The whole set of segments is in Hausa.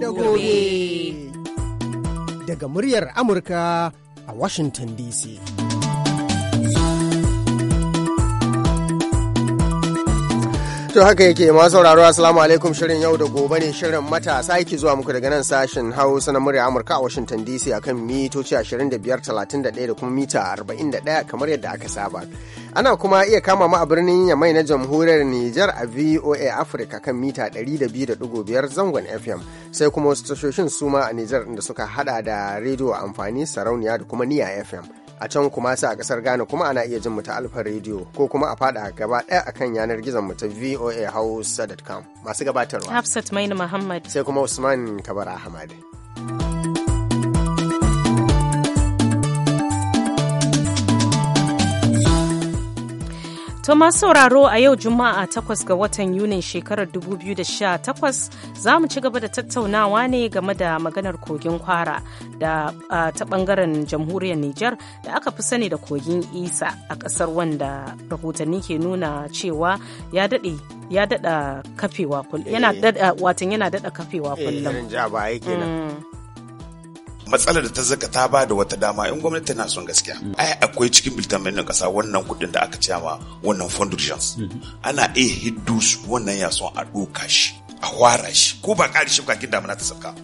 da gobe. Daga muryar Amurka a Washington DC. To haka yake masu sauraro asalamu alaikum shirin yau da gobe ne shirin matasa yake zuwa muku daga nan sashen Hausa na murya Amurka a Washington DC akan mitoci 25 31 da kuma mita 41 kamar yadda aka saba. Ana kuma iya kama mu a birnin Yamai na jamhuriyar Nijar a VOA Africa kan mita 200.5 zangon FM sai kuma wasu tashoshin suma a Nijar da suka hada da rediyo amfani sarauniya da kuma niya FM. A can kuma sa a kasar Ghana kuma ana iya jin mu ta Alfa rediyo ko kuma a fada gaba daya kan yanar gizon mu ta voahausa.com masu gabatarwa. Hafsat Maina Muhammad. Sai kuma Usman Kabara Hamadi To masu sauraro a yau Juma'a takwas ga watan Yunin shekarar 2018 za mu ci gaba da tattaunawa ne game da maganar kogin kwara da ta bangaren jamhuriyar Nijar da aka fi sani da kogin Isa a kasar wanda rahotanni ke nuna cewa ya daɗe ya daɗa kafewa kullum eh. yana daɗa kafewa eh, kullum. matsalar da ta zaka ta ba da wata dama in gwamnati na son gaskiya mm. ai akwai cikin biltamin na kasa wannan kuɗin da aka cewa wannan fund urgence mm-hmm. ana iya hiddu wannan son a doka shi a hwara shi ko ba ƙari shi kakin damuna ta sauka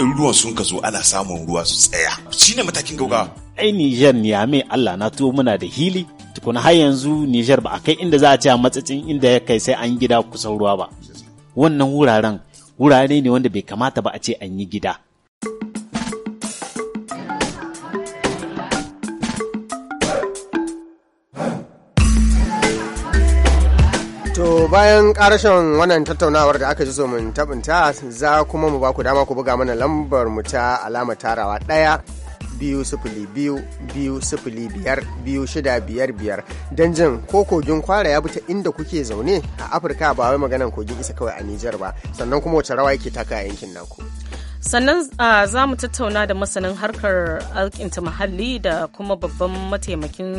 in ruwan sun kazo ana samun ruwa su tsaya shine matakin gaugawa mm. ai Niger ne mai Allah na tuwo muna da hili tukuna har yanzu Niger ba a kai inda za a ce a matsatsin inda ya kai sai an gida kusan ruwa ba wannan wuraren wurare ne wanda bai kamata ba a ce an yi gida bayan karashen wannan tattaunawar da aka ji so mun tabinta za kuma mu baku dama ku buga mana lambar mu ta alama tarawa ɗaya biyu sifili biyu biyu sifili biyar biyu shida biyar biyar don jin ko kogin kwara ya bi ta inda kuke zaune a afirka ba wai maganan kogin isa kawai a nijar ba sannan kuma wace rawa yake taka a yankin naku. sannan za mu tattauna da masanin harkar alkinta muhalli da kuma babban mataimakin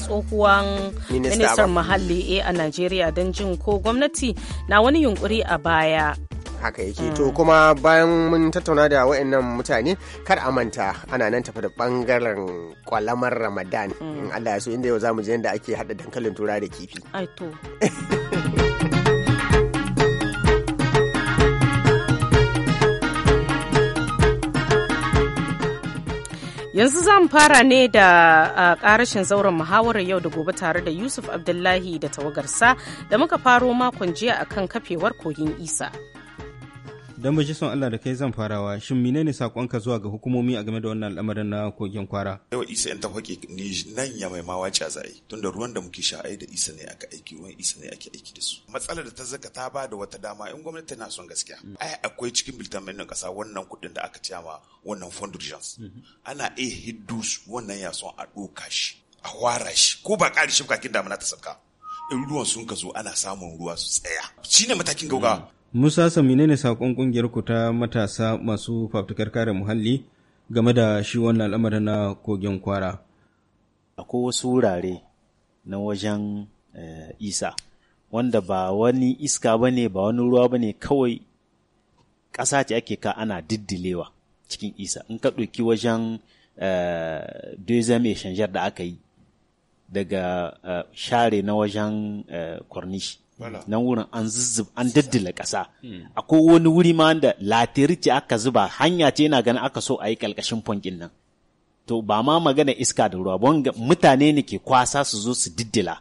tsohuwan ministan muhalli eh, a najeriya don jin ko gwamnati na wani yunkuri a baya haka yake mm. to kuma bayan mun tattauna da waɗannan mutane kar a manta ana nan tafi da bangaren kwalamar ramadan mm. in allah ya so inda yau za mu je yadda ake haɗa dankalin tura da kifi Yanzu za mu fara ne da karashin zauren muhawarar yau da gobe tare da Yusuf Abdullahi da tawagarsa da muka faro makon jiya akan kafewar kogin Isa. dan bashi son Allah da kai zan farawa shin menene sakonka zuwa ga hukumomi a game da wannan al'amarin na kogin kwara yau isa yan tafake ne nan ya mai mawaci a tunda ruwan da muke sha da isa ne aka aiki wani isa ne ake aiki da su matsalar da ta zaka ta ba da wata dama in gwamnati na son gaskiya mm. ai akwai cikin mai nan kasa wannan kuɗin da aka ma wannan fond mm-hmm. ana iya hiddu wannan ya son a ɗoka shi a hwara shi ko ba ƙari shi kakin damuna ta sabka in ruwan sun ka zo ana samun ruwa su tsaya ne matakin gaugawa mm. Musa Samine ne saƙon ƙungiyar ku ta matasa masu fafutukar kare muhalli game da shi wannan al'amarin na kogin kwara. Akwai wasu wurare na wajen eh, isa wanda ba wani iska ba ne ba wani ruwa ba ne kawai ƙasa ce ake ka ana diddilewa cikin isa in ka ɗauki wajen eh, dezame shanjar da aka yi daga share eh, na wajen corniche nan wurin an zuzzub an daddila ƙasa akwai wani wuri ma da latiriti aka zuba hanya ce yana ganin aka so a yi ƙalƙashin fonkin nan to ba ma magana iska da ruwa ba mutane ne ke kwasa su zo su diddila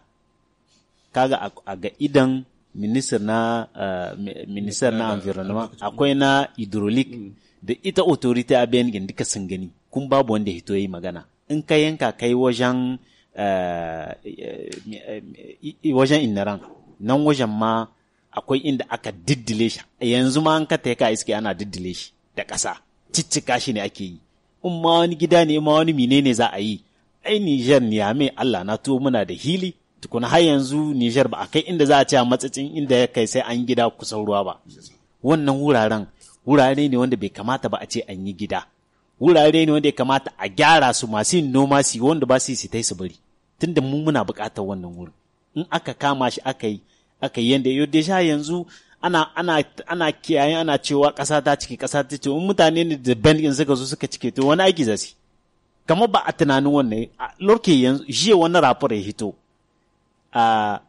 kaga a ga idan minister na eh, minister na environment akwai na hydraulic mm. da ita authority a bayan duka sun gani kun babu wanda hito yi magana in ka yanka kai wajen eh, eh, wajen inaran nan wajen ma akwai inda aka diddile shi yanzu ma an ka ta ka iske ana diddile shi da ƙasa ciccika shi ne ake yi in ma wani gida ne ma wani mine ne za a yi ai Niger mai Allah na to muna da hili tukuna har yanzu Niger ba a kai inda za a ce a matsacin inda ya kai sai an gida kusan ruwa ba wannan wuraren wurare ne wanda bai kamata ba a ce an yi gida wurare ne wanda ya kamata a gyara su masu yin noma su wanda ba su yi su tai su bari tunda mu muna buƙatar wannan wurin in aka kama shi aka yi aka yi yadda yau deja yanzu ana ana ana kiyaye ana cewa ƙasa ta ciki ƙasa ta ciki mutane ne da ban in suka zo suka cike to wani aiki zasi kamar ba a tunanin wannan lorke yanzu jiya wani rapor ya hito a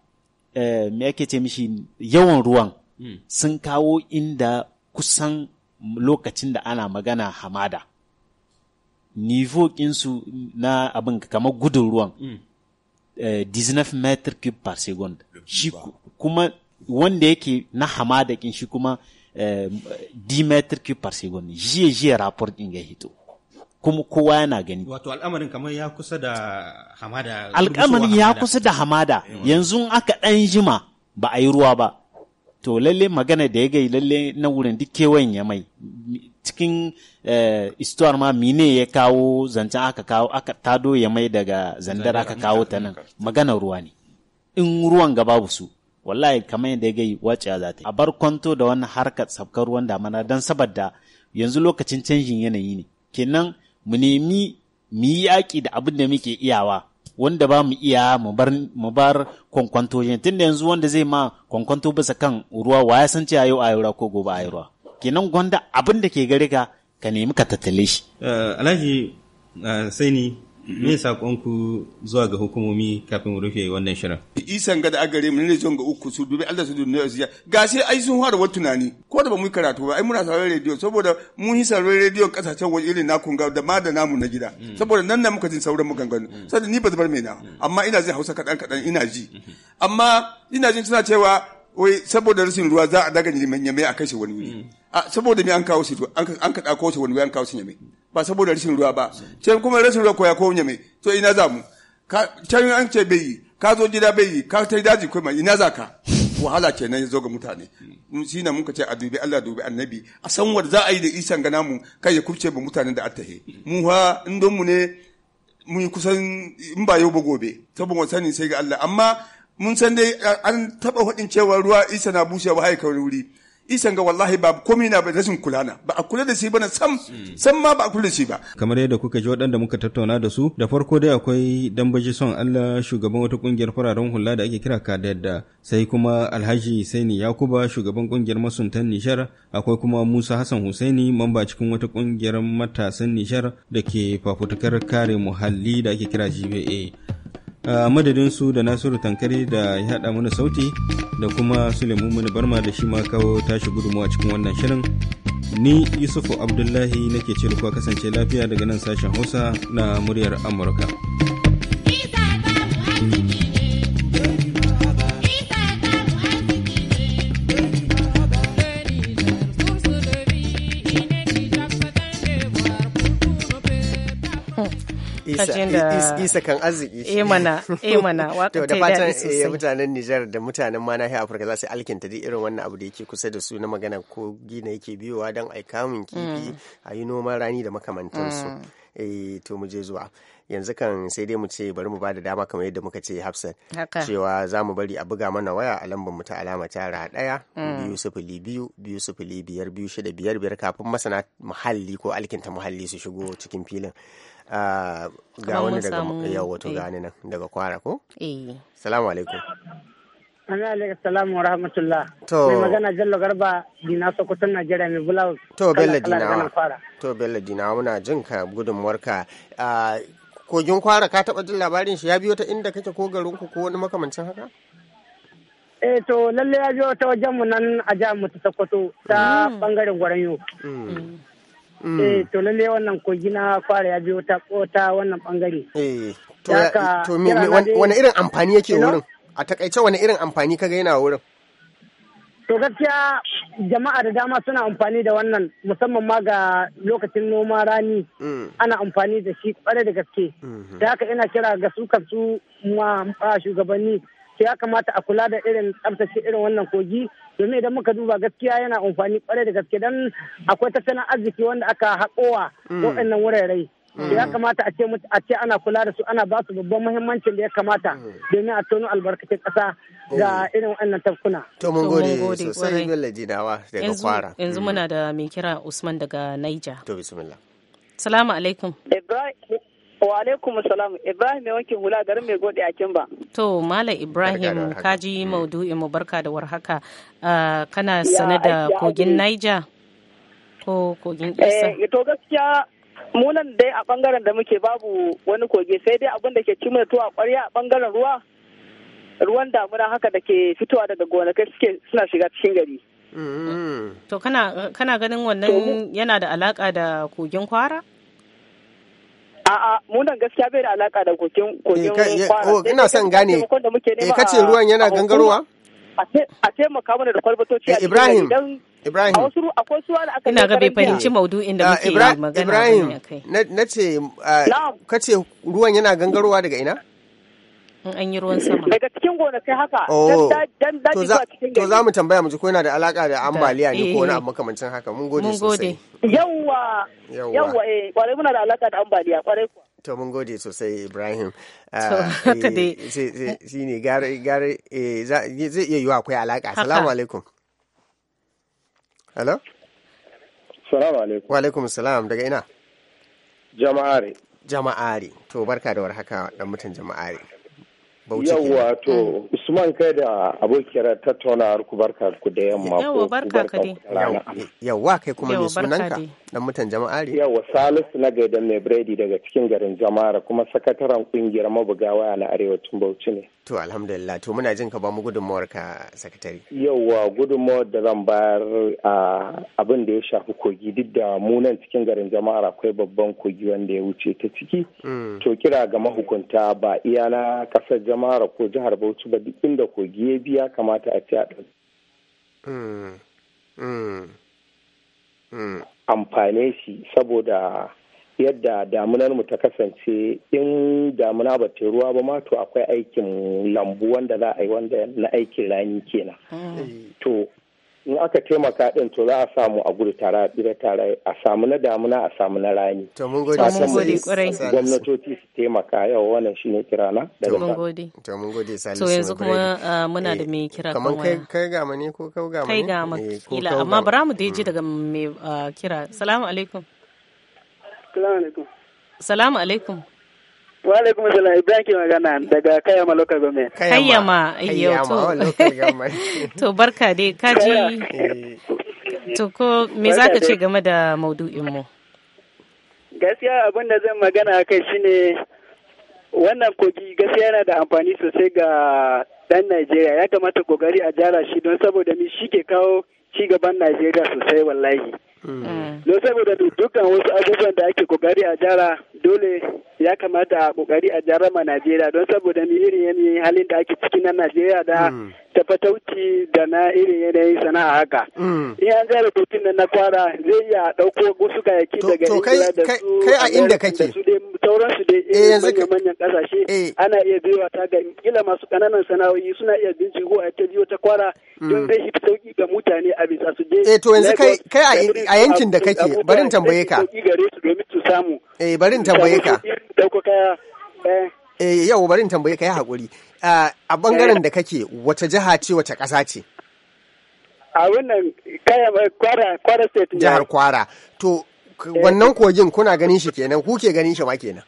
eh, me ake ce mishi yawan ruwan hmm. sun kawo inda kusan lokacin da ana magana hamada nivo kinsu na abin kamar gudun ruwan hmm. 19 eh, metr cube per second shi kuma wanda yake na hamada kin shi kuma eh, d metr cube per second jiye jiye rapport din ya hito kuma kowa yana gani wato al'amarin kamar ya kusa da hamada al'amarin ya kusa da hamada yanzu aka dan jima ba a yi ruwa ba to lalle magana da ya gai lalle na wurin duk kewayen ya mai cikin eh, istuwar ma mine ya kawo zancen aka kawo aka tado ya mai daga zandar aka kawo ta nan magana ruwa ne in ruwan gaba babu su wallahi kamar yadda ya gai wace za ta yi a bar kwanto da wani harkar sabkar ruwan damana don saboda yanzu lokacin canjin yanayi ne kenan mu nemi mu yi yaƙi da abin da muke iyawa wanda ba mu iya mu bar kwankwanto tunda yanzu wanda zai ma kwankwanto bisa kan ruwa wa ya san cewa yau a ko gobe a kenan gwanda abin da ke gare ka ka nemi ka tattale shi eh, alhaji eh, sai ni me sakonku zuwa ga hukumomi kafin mu rufe wannan shirin isan ga da agare mu ne ga uku su dubi Allah su dubi su ya ga sai ai sun fara wata tunani ko da ba mu karatu ba ai muna sauraron rediyo saboda mun yi sauraron rediyo kasashen waje irin na ga da ma da namu na gida saboda nan na muka jin sauran maganganu saboda ni ba zubar mai na amma ina jin Hausa kadan kadan ina ji amma ina jin suna cewa wai saboda rashin ruwa za a daga nyame a kai shi wani wuri hmm. a saboda me an kawo shi an ka dako shi wani wuri an kawo shi nyame ba saboda rashin ruwa ba ce kuma rashin ruwa ya ko nyame to ina za mu ka an ce bai yi ka zo gida bai yi ka ta daji kuma ina za ka wahala kenan ya zo ga mutane hmm. shi na muka ce a dubi Allah dubi annabi a san wanda za a yi da isan gana mu kai ya kubce ba mutanen da attahe hmm. mu ha indon mu ne mun kusan in ba yau ba gobe saboda sani sai ga Allah amma mun san dai eh, an taba hudin cewa ruwa isa na bushe hai kawai wuri isan ga wallahi ba komai na ba rashin kula na ba a kula da shi na sam sam ma ba a kula da shi ba kamar yadda kuka ji waɗanda muka tattauna da su da farko dai akwai dambaji son Allah shugaban wata kungiyar fararen hula da ake kira kadadda sai kuma Alhaji Saini Yakuba shugaban kungiyar masuntan Nishar akwai kuma Musa Hassan Husaini mamba cikin wata kungiyar matasan Nishar da ke fafutukar kare muhalli da ake kira GBA a madadin su da nasiru tankari da ya haɗa mana sauti da kuma sulemu mini barma da shi ma kawo tashi gudunmawa cikin wannan shirin ni yusufu abdullahi nake ce kuwa kasance lafiya daga nan sashen hausa na muryar amurka kajin isa kan arziki eh mana eh mana to da fatan eh, mutanen Nijar da mutanen ma nahiyar Afirka za su alkinta duk irin wannan abu da yake kusa da su na magana ko gina yake biyowa don ai kamun kifi mm. a yi noman rani da makamantansu mm. eh to mu je zuwa yanzu kan sai dai mu ce bari mu ba da dama kamar yadda muka ce hafsat cewa za mu bari a buga mana waya a lambar mu ta alama tara ɗaya mm. biyu sifili biyu biyu sifili biyar biyu shida biyar biyar kafin masana muhalli ko alkinta muhalli su shigo cikin filin Ah, ga wani daga yau wato eh. gani nan daga kwara ko? Eh. Salamu alaikum. Ana alaikum salamu wa rahmatullah. To. Mai magana Jallo Garba Dina Sokoton Najeriya mai Bula... To Bello Dinawa. To Bello Dinawa muna jin ka gudunmuwarka. Ah, kogin kwara ka taɓa jin labarin shi ya biyo ta inda kake ko garinku ko wani makamancin haka? eh to lalle ya biyo ta wajenmu nan a jihar mu ta Sokoto ta bangaren mm. Gwaranyo. Mm. Mm. Mm. Eh, to lalle wannan kogi na fara ya biyo ta kota wannan bangare. Eh, to, wani irin amfani yake wurin? A takaice wani irin amfani kaga yana wurin? To gaskiya jama'a da dama suna amfani da wannan musamman ma ga lokacin noma rani mm. ana amfani da shi kware da gaske. Mm-hmm. Da haka ina kira ga su kansu ma shugabanni ya kamata a kula da irin tsabtace irin wannan kogi domin idan muka duba gaskiya yana amfani kwarai da gaske dan akwai tattalin arziki wanda aka haƙowa mm. waɗannan wurare mm. ya kamata a ce ana kula da su ana ba su babban muhimmancin da ya kamata mm. domin a tono albarkacin ƙasa ga irin wannan tafkuna. To mun gode sosai Bello Jinawa daga Kwara. Yanzu muna da mai kira Usman daga Niger. To bismillah. Salamu alaikum. Wa alaikum salam Ibrahim ya wanke hula garin mai gode a Kimba. To mala Ibrahim kaji mm. maudu'in mu barka da warhaka ah, kana sane da kogin Niger ko kogin kasa eh, eh to gaskiya munan dai a bangaren da muke babu wani kogi sai dai abin da ke ci to a kwarya a bangaren ruwa ruwan damuna haka da ke fitowa daga gonakai suke suna shiga cikin gari. Mm. To kana ganin wannan yana da alaka da kogin kwara? A'a, munan gaskiya bai da alaka da kokin kogin eh, eh, kwara. Oh, ina son gane. Eh kace ruwan yana gangarowa? A taimaka mana da kwalbatoci a eh, Ibrahim. Ibrahim. A wasu akwai suwa da aka Ina ga bai fahimci maudu'in da ah, muke magana Ibrahim, na ce ah, kace ruwan yana gangarowa daga ina? in an yi ruwan sama daga cikin gonakai haka oh. dan daji zuwa cikin gari. to za mu tambaya mu ji ko yana da alaka da ambaliya ne ko wani eh. abu makamancin haka mun gode sosai yawwa yawwa eh kwarai muna da alaka da ambaliya kwarai kuwa to mun gode sosai ibrahim ah, eh, shi ne gare gare eh, zai iya yiwa akwai alaka salamu alaikum hello salamu alaikum wa alaikum salam daga ina jama'are jama'are to barka da warhaka dan mutan jama'are Yawwa to Usman kai da abokiyar tattaunawar ku barka ku da yamma ko barka ka dai. Yawwa kai kuma ne sunanka? Dan mutan jama'a ne? Yawwa Salisu na gaidan mai biredi daga cikin garin jama'a kuma sakataren kungiyar mabuga na arewacin Bauchi ne. To alhamdulillah to muna jin ka ba mu gudunmuwar ka sakatare. Yauwa gudunmawar da zan bayar abin da ya shafi kogi duk da munan cikin garin jama'ar akwai babban kogi wanda ya wuce ta ciki. Hmm. To kira ga mahukunta ba iya na kasar jama'ar ko jihar Bauchi ba duk inda kogi ya biya kamata a ce a hmm. Hmm. Amfane shi saboda yadda damunar mu ta kasance in damuna ba ta ruwa ba ma to akwai aikin lambu wanda za a yi wanda na aikin rani kenan to in aka taimaka din to za a samu a gudu tare a tsira tare a samu na damuna a samu na rani. To mun gode Gwamnatoci su taimaka yau wannan shine kira na da mun gode. To mun gode Salisu. To yanzu kuma ah, muna da eh, mai kira kan kai Kaman kai gama ne ko kau gama ne? Kai ga eh, kila amma bara mu dai ji daga mai ah, kira. Salamu alaikum. Salamu alaikum. Salamu alaikum. Wa alaikum salam Ibrahim ke magana daga Kayama local government. Kayama, Kayama to. To barka dai ji To ko me zaka ce game da maudu'in mu? Gaskiya abin da zan magana akai shine wannan kogi gaskiya yana da amfani sosai ga dan Najeriya ya kamata kokari a jara shi don saboda mi shi ke kawo ci gaban Najeriya sosai wallahi. Don saboda dukkan wasu abubuwan da ake kokari a jara dole ya kamata a kokari a jarama Najeriya don saboda mi irin yanayin halin da ake ciki na Najeriya da mm. da da na irin yanayin sana'a haka. Mm. In an zara kotun nan na kwara zai iya ɗauko wasu kayaki daga Ingila da su kai a inda kake sauran su dai eh, irin manyan ƙasashe eh. ana iya biyowa ta ga Ingila masu ƙananan sana'o'i suna iya binciko a biyo ta kwara mm. don zai fi sauƙi ga mutane a bisa su je. Eh to yanzu kai kai a yankin da kake bari in tambaye ka. gare su domin su samu. Eh bari in eh. tambaye ka. kaya. Eh yau bari in tambaye ka ya haƙuri. a bangaren eh. da kake wata jiha ce wata kasa ce? A wannan kwara state ne. Jihar kwara. To eh. wannan kogin kuna ganin shi kenan kuke ganin shi ma kenan.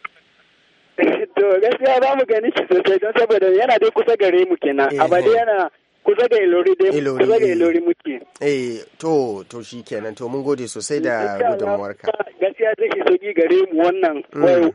To gaskiya za mu ganin shi sosai don saboda yana dai kusa gare mu kenan. Amma dai eh, yana kusa da ilori dai kusa da ilori muke eh to to shikenan to mun gode sosai da gudunmuwarka gaskiya zai yi sauki gare mu wannan mm.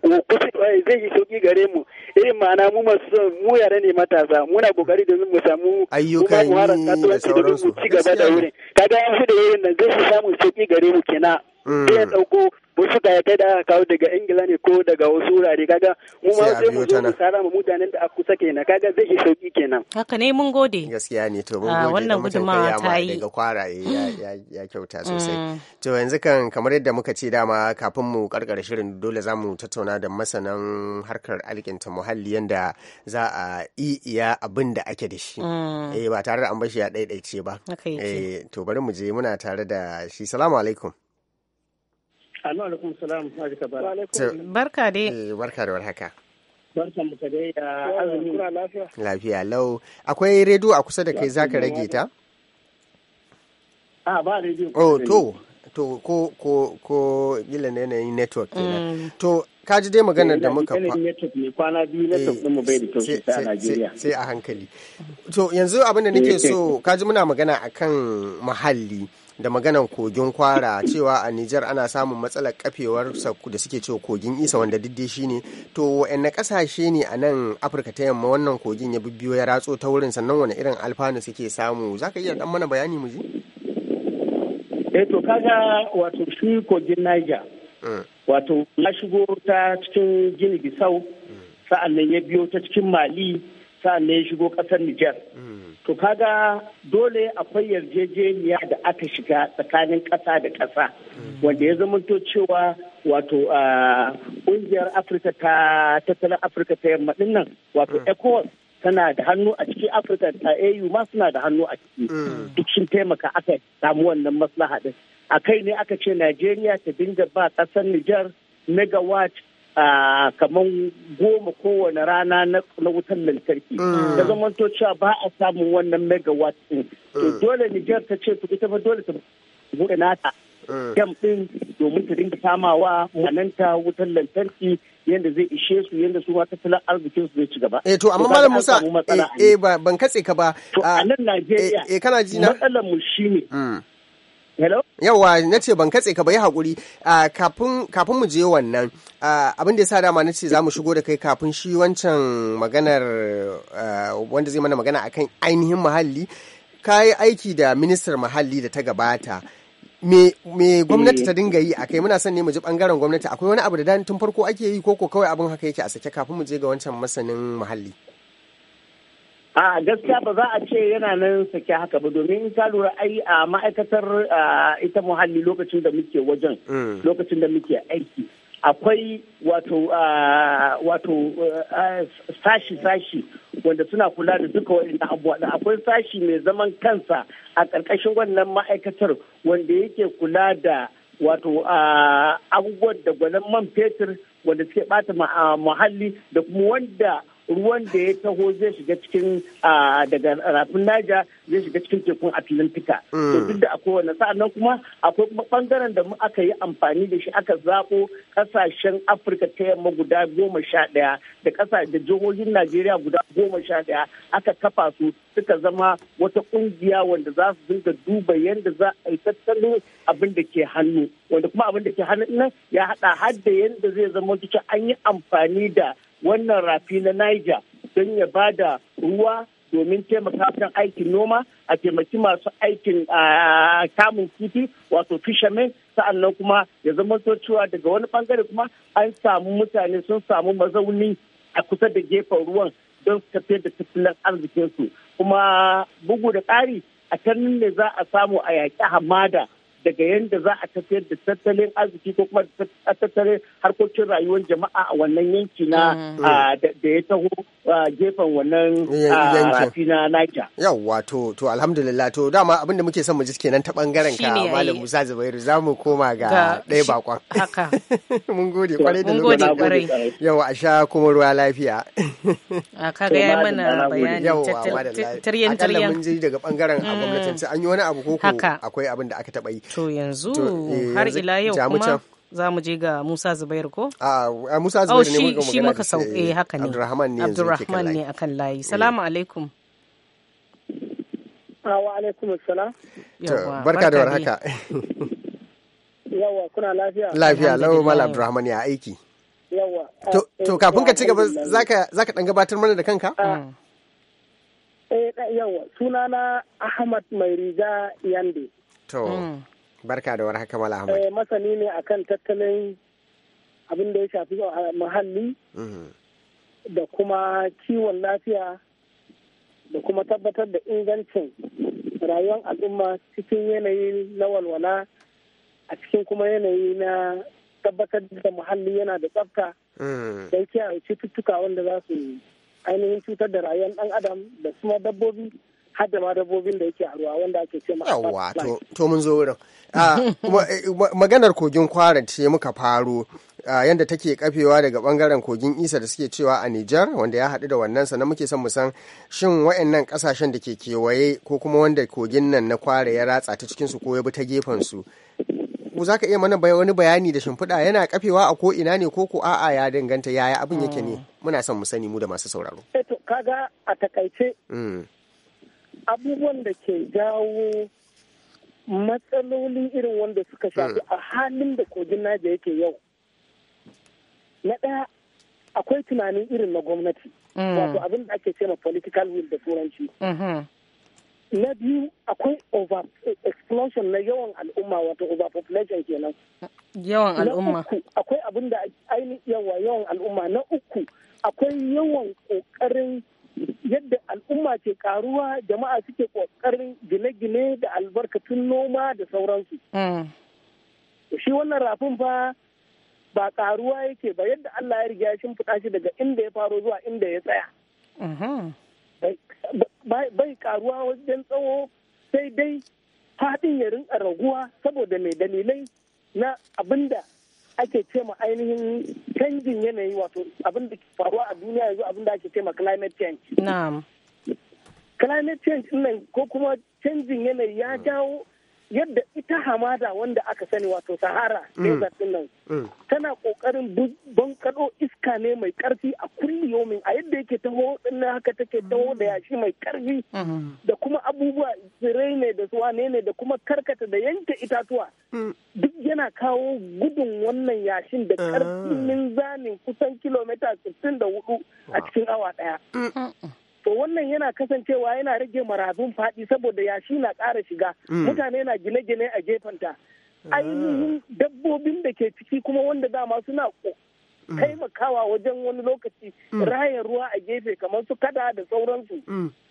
zai yi sauki gare mu irin ma'ana mu masu mu yare ne matasa muna kokari domin mu samu ayyukan yi da sauransu ci gaba da wurin kaga an fi da wurin nan zai samu sauki gare mu kenan mm. sai ya dauko wasu kai da aka kawo daga ingila ne ko daga wasu wurare kaga mu ma sai mu zo mu tsara mu mutanen da aka sake na kaga zai yi sauki kenan haka ne mun gode gaskiya ne to mun ah, gode wannan gudunmawa ta yi daga kwaraye ya mm. kyauta sosai mm. to yanzu kan kamar yadda muka ce dama kafin mu karkar shirin dole za mu tattauna da masanan harkar alkinta muhalli yanda za a iya abin da ake da shi mm. eh ba tare da an bashi ya daidaice ba eh to bari mu je muna tare da shi salamu alaikum Assalamu alaikum salam Hajji Wa alaikum. Barka dai. Eh barka da warhaka. Barkan mu dai da azumi. Lafiya. Lafiya lau. Akwai rediyo a kusa da kai zaka rage ta? A ah, ba rediyo. Oh to to ko ko ko gila ne na network kenan. Mm. To ka ji dai maganar da eh, muka kwana biyu network eh, mu bai da kyau a Najeriya sai a hankali to yanzu abin da nake eh, so ka ji muna magana akan muhalli da maganan kogin kwara cewa a Nijar ana samun matsalar kafewar da suke cewa kogin isa wanda diddi shi ne to na kasashe ne a nan afirka ta yamma wannan kogin ya bibbiyo ya ratso ta wurin sannan wani irin alfanu suke samu za ka iya dan mana bayani mu ji eh to kaga wato shi kogin niger hmm. wato ya shigo ta cikin gini bisau hmm. nan ya biyo ta cikin mali sa'an nan ya shigo kasar niger hmm. to kaga dole akwai yarjejeniya da aka shiga tsakanin ƙasa da ƙasa wanda ya zamanto cewa wato ƙungiyar afirka ta tattalin afirka ta yamma din nan wato hmm. ecowas tana da hannu a ciki afirka ta au ma suna da hannu a ciki hmm. duk sun taimaka aka samu wannan maslaha din a kai ne aka ce najeriya ta dinga ba ƙasar niger megawatt kamar goma kowane rana na wutar lantarki da mm. to cewa ba a samun wannan megawatt din to mm. dole Nijar ta ce ita ba dole ta buɗe nata mm. dam ɗin domin ta dinga samawa mananta wutar lantarki yadda zai ishe su yadda su ma tattalin arzikin su zai ci gaba. Eh to amma malam Musa eh, eh ban katse ka ba. To a ah, nan Najeriya eh, eh kana ji na matsalar mu shine. Hello? Yawa na ce ban katse ka ba yi haƙuri ah, kafin mu je wannan abin da ya sa dama na ce za mu shigo da kai kafin shi wancan maganar wanda zai mana magana akan ainihin muhalli ka yi aiki da ministar muhalli da ta gabata me, gwamnati ta dinga yi a kai muna son ne mu ji bangaren gwamnati akwai wani abu da dan tun farko ake yi koko kawai abin haka yake a sake kafin mu je ga wancan masanin muhalli a gaskiya ba za a ce yana nan sake haka ba domin in ka lura ai a ma'aikatar ita muhalli lokacin da muke wajen mm. lokacin da muke aiki akwai wato uh, wato sashi-sashi uh, wanda suna kula da duka abuwa da akwai sashi mai zaman kansa a ƙarƙashin wannan ma'aikatar wanda yake kula da wato uh, abubuwan da gwanon man fetur wanda suke bata muhalli da kuma wanda ruwan da ya taho zai shiga cikin daga rafin Naja zai shiga cikin tekun Atlantika. To mm. duk da akwai wannan nan kuma akwai kuma bangaren da mu aka yi amfani da shi aka zaɓo kasashen Afirka ta yamma guda goma sha ɗaya da ƙasa da jihohin Najeriya guda goma sha ɗaya aka kafa su suka zama wata kungiya wanda za su dinga duba yadda za a yi tattalin abin da ke hannu wanda kuma abin da ke hannun nan ya haɗa har da yadda zai zama an yi amfani da wannan rafi na niger don ya ba da ruwa domin taimaka kan aikin noma a taimaki masu aikin kamun kifi wato fishermen sa'annan kuma ya zama cewa daga wani bangare kuma an samu mutane sun samu mazauni a kusa da gefen ruwan don tafiyar da tattalin arzikinsu kuma bugu da ƙari a can ne za a samu a yaƙi hamada daga yadda za a tafiyar da tattalin arziki ko kuma tattalin harkokin rayuwar jama'a a wannan yanki na mm. da ya taho gefen wannan rafi na Niger. Yawwa to to alhamdulillah to dama abin da muke son mu ji kenan ta bangaren ka Malam Musa Zubairu za mu koma ga ɗaya bakon. Haka. Mun gode kwarai da lokacin. Yawa a sha kuma ruwa lafiya. A kaga ya mana bayani tattalin tiryan Akalla mun ji daga bangaren a gwamnatance mm. an yi wani abu ko akwai abin da aka taɓa yi. To yanzu eh, har ila yau kuma za mu je ga Musa Zubairu ko? Ah, a Musa oh, Zubairu ne muka shi muka sauke eh, haka ne. Abdurrahman ne Abdurrahman ne akan layi. Eh. Salamu alaikum. Ah, wa alaikum assalam. Barka da warhaka. Yawa kuna lafiya? Lafiya, lawo mal Abdurrahman ya aiki. yawa ah, To kafin ka ci gaba zaka zaka dan gabatar mana da kanka? Eh yawa sunana Ahmad Mai Riga Yande. To. Mm. Barka da haka Mala Ahmad. Eh, masani ne akan tattalin abin da ya shafi ah, muhalli mhm. da kuma kiwon lafiya da kuma tabbatar da ingancin rayuwar al'umma cikin yanayi na walwala a cikin kuma yanayi na tabbatar da muhalli yana da tsafta mhm. don kiyaye cututtuka wanda za su ainihin cutar da rayuwar ɗan adam da kuma dabbobi har ma dabbobin da yake a ruwa wanda ake ce ma yawa to mun zo wurin ah, eh, maganar kogin kwara ce muka faro ah, yadda take kafewa daga bangaren kogin isa da suke cewa a Nijar wanda ya haɗu da wannan sannan muke son mu san shin wayannan kasashen da ke kewaye ko kuma wanda kogin nan na kware ya ratsa ta cikinsu ko ya bi ta gefen su za ka iya mana wani bayani da shimfiɗa yana kafewa a ko ina ne ko ko a'a ya danganta yaya abin yake ne mm. muna son mu sani mu da masu sauraro. Eh, kaga a takaice mm. abubuwan da ke jawo matsaloli irin wanda suka shafi hmm. a halin da kogin naja yake yau na ɗaya akwai tunanin irin na gwamnati hmm. wato abin da ake ce political will da turanci hmm. na biyu akwai over explosion na yawan al'umma wato overpopulation kenan yawan al'umma akwai abin da yawa yawan al'umma na uku akwai yawan kokarin yadda al'umma ke karuwa jama'a suke kokarin gine-gine da albarkatun noma da sauransu hmm. shi wannan rafin fa ba karuwa yake ba yadda Allah ya riga ya shimfiɗa shi daga inda ya faro zuwa inda ya tsaya hmm. bai karuwa wajen tsawo sai dai haɗin ya rinka raguwa saboda mai dalilai na abinda ake ce ma ainihin canjin yanayi wato abin da faruwa a duniya yanzu abin da ake ce ma climate change. Na'am. Climate change nan ko kuma canjin yanayi ya jawo yadda ita hamada wanda aka sani wato sahara mm. desert din nan mm. tana kokarin bankaɗo iska ne mai karfi a kulli yomin a yadda yake taho din nan haka take taho da yashi mai karfi mm-hmm. da kuma abubuwa tsirai ne da suwane ne da kuma karkata da yanke itatuwa mm. duk yana kawo gudun wannan yashin da karfin ah. zanin kusan kilomita 64 a cikin awa daya to wannan yana kasancewa yana rage marazun faɗi saboda yashi na kara shiga mm. mutane na gine-gine a gefenta ah. ainihin dabbobin da ke ciki kuma wanda dama suna mm. taimakawa wajen wani lokaci mm. raya ruwa a gefe kamar su kada da sauransu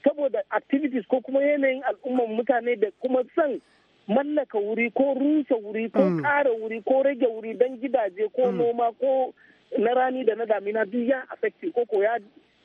saboda activities ko kuma yanayin al'ummar mutane da kuma son mallaka wuri ko rusa wuri ko ƙara wuri ko rage wuri don gidaje ko noma ko na rani da na damina duk ya affecti ko ko ya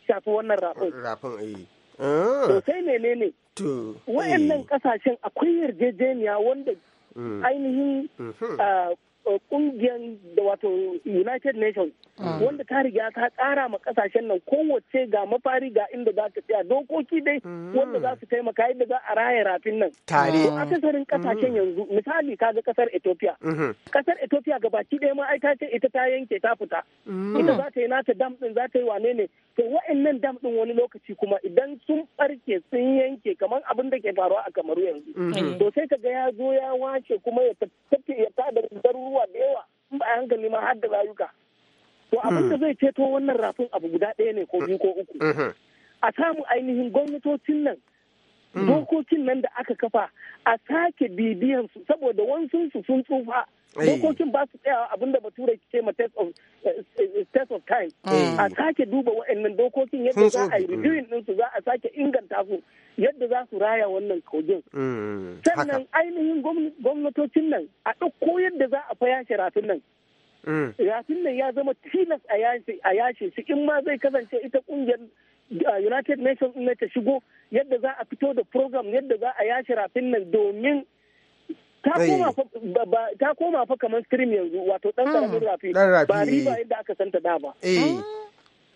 shafi wannan rafin. Rafin eh. Ah. To sai menene? To. Eh. Wa'annan kasashen akwai yarjejeniya wanda mm. ainihin mm-hmm. ah, Eh, kungiyar da wato united nations ah. wanda ta riga ta kara ma kasashen nan kowace ga mafari ga inda za ta tsaya dokoki dai mm. wanda za su taimaka yadda za a raya rafin nan tare akasarin kasashen mm. yanzu misali kaga kasar ethiopia mm-hmm. kasar ethiopia baki ɗaya ma ai ta ce ita ta yanke ta fita mm. ita za ta yi nata dam din za ta yi wane ne to wa'annan dam din wani lokaci kuma idan sun barke sun yanke kamar abin da ke faruwa a kamaru yanzu mm-hmm. to sai ka ga ya zo ya wace kuma ya ta da ruwa. abubuwa da yawa in ba a hankali ma har da rayuka to abin da hmm. zai ceto wannan rafin abu guda ɗaya ne ko hmm. biyu ko uku hmm. a samu ainihin gwamnatocin nan dokokin nan da aka kafa a sake bibiyan su saboda wasu su sun tsufa Eh. dokokin ba su tsaya abinda bature ke ma test of eh, eh, test of time hmm. a sake duba wa'annan dokokin yadda za a yi hmm. reviewing din su za a sake inganta su yadda za su raya wannan kogin hmm. sannan ainihin gwamnatocin nan a ɗauko yadda za a fayashe rafin nan rafin nan ya zama tilas a yashe shi in ma zai kasance ita kungiyar uh, united nations ne ta shigo yadda za a fito da program yadda za a yashe rafin nan domin ta koma fa kamar stream yanzu wato dan karamin hmm. rafi ba riba yadda aka santa da ba eh. hmm.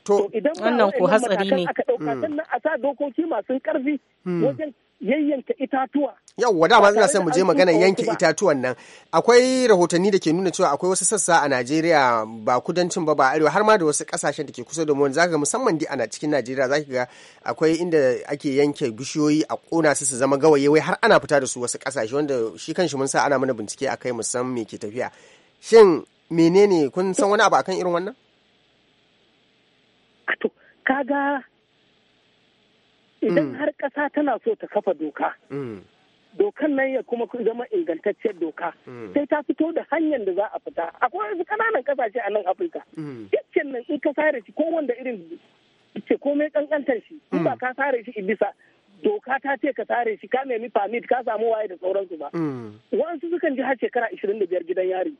To idan wannan ko hatsari ne. Aka ɗauka hmm. sannan a sa dokoki masu ƙarfi hmm. wajen yayyanka itatuwa. Yawwa dama ina son mu je maganar yanke itatuwan nan. Akwai rahotanni da ke nuna cewa akwai wasu sassa a Najeriya ba kudancin ba ba arewa har ma da wasu kasashen da ke kusa da mu zaka ga musamman di ana cikin Najeriya zaka ga akwai inda ake yanke bishiyoyi a kona su su zama gawaye wai har ana fita da su wasu kasashe wanda shi kanshi mun sa ana mana bincike akai mu san me ke tafiya. Shin menene kun san wani abu akan irin wannan? to kaga idan mm. har ƙasa tana so ta kafa doka mm. dokan nan ya kuma zama ingantacciyar doka mm. sai ta fito da hanyar da za a fita akwai wasu kananan kasashe a nan afirka kicin nan in ka sare shi ko wanda irin ce komai kankantar shi in ba ka sare shi in bisa doka ta ce ka sare shi ka nemi permit ka samu waye da sauransu ba wasu sukan ji har shekara 25 gidan yari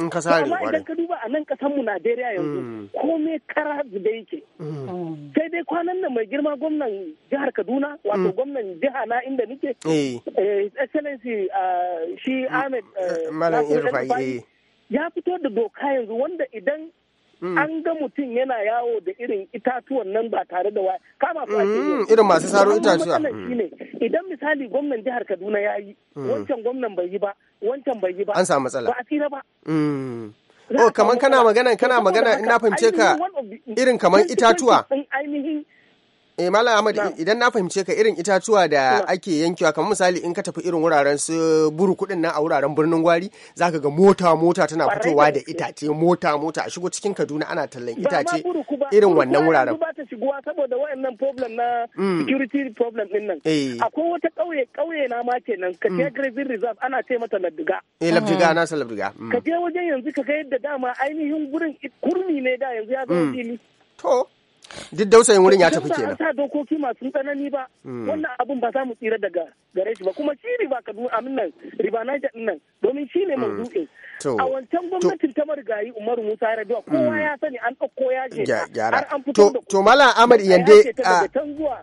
in ka sare amma idan ka duba a nan kasan mu Najeriya yanzu mm. komai kara da yake mm. Mm. sai dai kwanan nan mai girma gwamnan jihar Kaduna wato gwamnan jiha na inda nake eh. eh, excellency ah, shi Ahmed eh, Malam Irfai ya fito da doka yanzu wanda idan Mm. an ga mutum yana yawo da irin itatuwan nan ba tare da waya kama su ake mm, irin masu saro itatuwa mm. idan misali gwamnan jihar Kaduna ya yi wancan gwamnan bai yi ba wancan bai yi ba an samu matsala ba a tsira ba oh kaman kana magana kana magana ina fahimce ka irin kaman itatuwa eh malam ahmad idan na fahimce ka irin itatuwa da ake yankewa kamar misali in ka tafi irin wuraren su buru kudin nan a wuraren birnin gwari zaka ga mota mota tana fitowa da itace mota mota a shigo cikin kaduna ana tallan itace irin wannan wuraren ba ta shigowa saboda wayannan problem na mm. security problem din nan eh. akwai wata kauye kauye na ma kenan ka je mm. grazing reserve ana ce mata labdiga eh labdiga mm. na san labdiga ka je wajen yanzu ka ga yadda dama ainihin gurin kurmi ne da yanzu ya zama fili to duk dausayin wurin ya tafi kenan. sa dokoki masu tsanani ba hmm. wannan abun ba za mu tsira daga gare shi ba kuma shi riba kaduna amin nan riba na jaɗin nan domin shi ne hmm. mai a wancan gwamnatin ta marigayi umaru musa rabiwa kowa hmm. ya sani an ɗauko ya je har an fito da to malam ahmad yande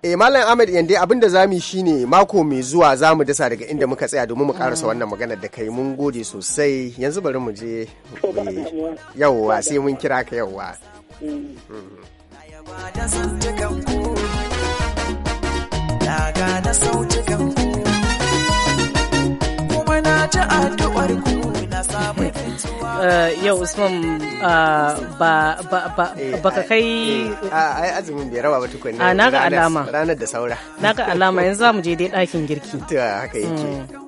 eh malam ahmad yande abin da zamu shine mako mai zuwa zamu dasa daga inda muka tsaya domin mu karasa wannan maganar da kai mun gode sosai yanzu bari mu je yauwa sai mun kira ka yauwa Eh, yau usman ah, eh, ba ka kai eh, ah, ai azumin bai raba ba tukunna ah, na ga alama ranar da saura na ka alama yanzu za mu je dai ɗakin girki haka yake mm.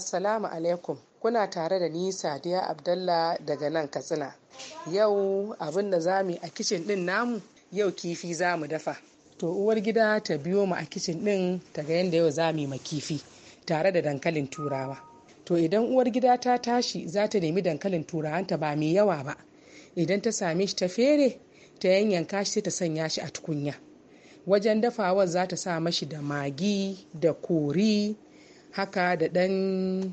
Assalamu alaikum. Kuna tare da ni Sadiya Abdalla daga nan Katsina. Yau abin da za mu yi a kicin ɗin namu yau kifi za mu dafa. To uwar gida ta biyo mu a kicin ɗin ta ga yadda yau za mu yi ma kifi tare da dankalin turawa. To idan uwar gida ta tashi za ta nemi dankalin ta ba mai yawa ba. Idan ta same shi ta fere ta yanyanka shi sai ta sanya shi a tukunya. Wajen dafawa za ta sa mashi da magi da kori haka da ɗan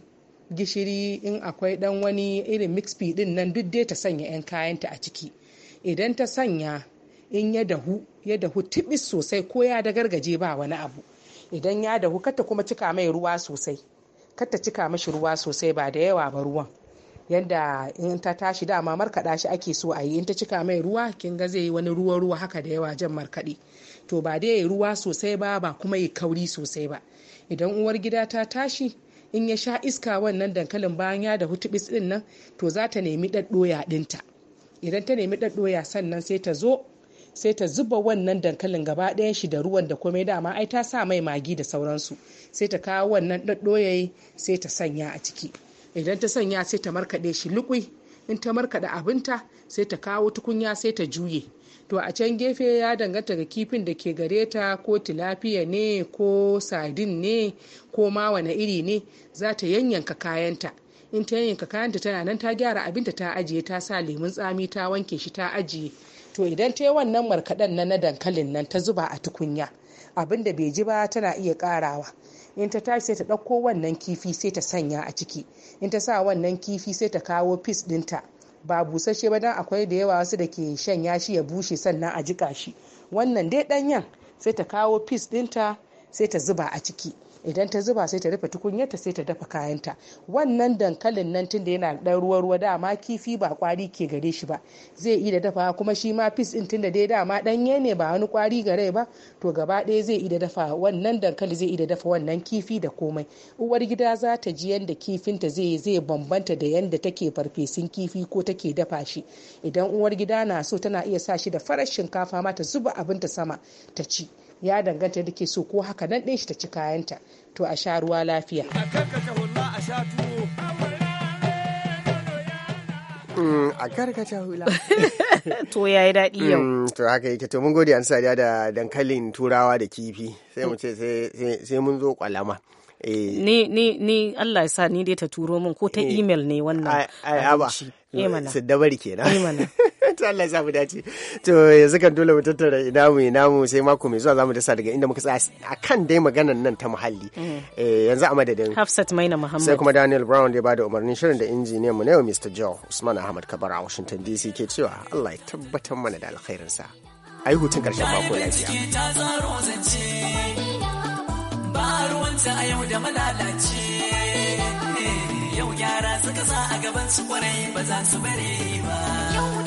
gishiri in akwai ɗan wani irin mix ɗin nan duk dai ta sanya 'yan kayanta a ciki idan ta sanya in ya dahu ya dahu tibis sosai ko ya da gargaje ba wani abu idan ya dahu kata kuma cika mai ruwa sosai kata cika mashi ruwa sosai ba da yawa ba ruwan yadda in ta tashi dama markaɗa shi ake so a yi in ta cika mai ruwa kin ga zai yi wani ruwa ruwa haka da yawa jan markaɗe to ba dai ruwa sosai ba ba kuma yi kauri sosai ba idan uwar gida ta tashi in ya sha iska wannan dankalin bayan ya da hutubis din nan to za ta nemi ɗaɗɗoya ɗinta idan ta nemi ɗaɗɗoya sannan sai ta zo sai ta zuba wannan dankalin gaba ɗayan shi da ruwan da komai dama ai ta sa mai magi da sauransu sai ta kawo wannan ɗaɗɗoyayi sai ta sanya a ciki idan ta sanya sai ta markaɗe shi lukui in ta markaɗe abinta sai ta kawo tukunya sai ta juye to a can gefe ya danganta ga kifin da ke gare ta ko tilafiya ne ko sadin ne ko ma wani iri ne za ta yanyanka kayanta in ta yanyanka kayanta tana nan ta gyara abinta ta ajiye ta sa lemun tsami ta wanke shi ta ajiye to idan ta yi wannan markaɗen na na dankalin nan ta zuba a tukunya abin da bai ji ba tana iya ƙarawa in ta tashi sai ta ɗauko wannan kifi sai ta sanya a ciki in ta sa wannan kifi sai ta kawo fis ɗinta ba busasshe ba dan akwai da yawa wasu da ke shan shi ya bushe sannan a jika shi wannan dai danyen sai ta kawo fis dinta sai ta zuba a ciki idan ta zuba sai ta rufe tukunyarta sai ta dafa kayanta wannan dankalin nan tunda yana dan ruwa ruwa dama kifi ba kwari ke gare shi ba zai iya dafa kuma shi ma fis din tunda dai dama danye ne ba wani kwari gare ba to gaba ɗaya zai iya dafa wannan dankali zai iya dafa wannan kifi da komai uwar gida za ta ji yanda kifinta zai zai bambanta da yanda take farfesun kifi ko take dafa shi idan uwar gida na so tana iya sa shi da farar shinkafa ma ta zuba abin ta sama ta ci ya danganta da ke so ko haka nan ɗin shi ta ci kayanta to a sha ruwa lafiya. a karkata hula to mm, ya yi daɗi yau mm, to haka yake to mun gode an sadiya da dankalin turawa da kifi sai mu ce sai mun zo kwalama eh. ni ni ni Allah ya sa ni dai ta turo min ko ta eh. email ne wannan a aba su dabari kenan eh, to Allah ya samu dace to yanzu kan dole mu tattara ina mu ina mu sai mako mai zuwa zamu dasa daga inda muka tsaya kan dai maganar nan ta muhalli mm. eh, yanzu a madadin Hafsat Maina Muhammad sai kuma Daniel Brown da ya bada umarnin shirin da injiniyan mu ne Mr. Joe Usman Ahmad Kabara a Washington DC ke cewa Allah ya tabbatar mana da alkhairinsa sa ai hutun karshen mako lafiya ba ruwanta a yau da malalaci eh, yau gyara suka sa a gaban su kwarai ba za su bare ba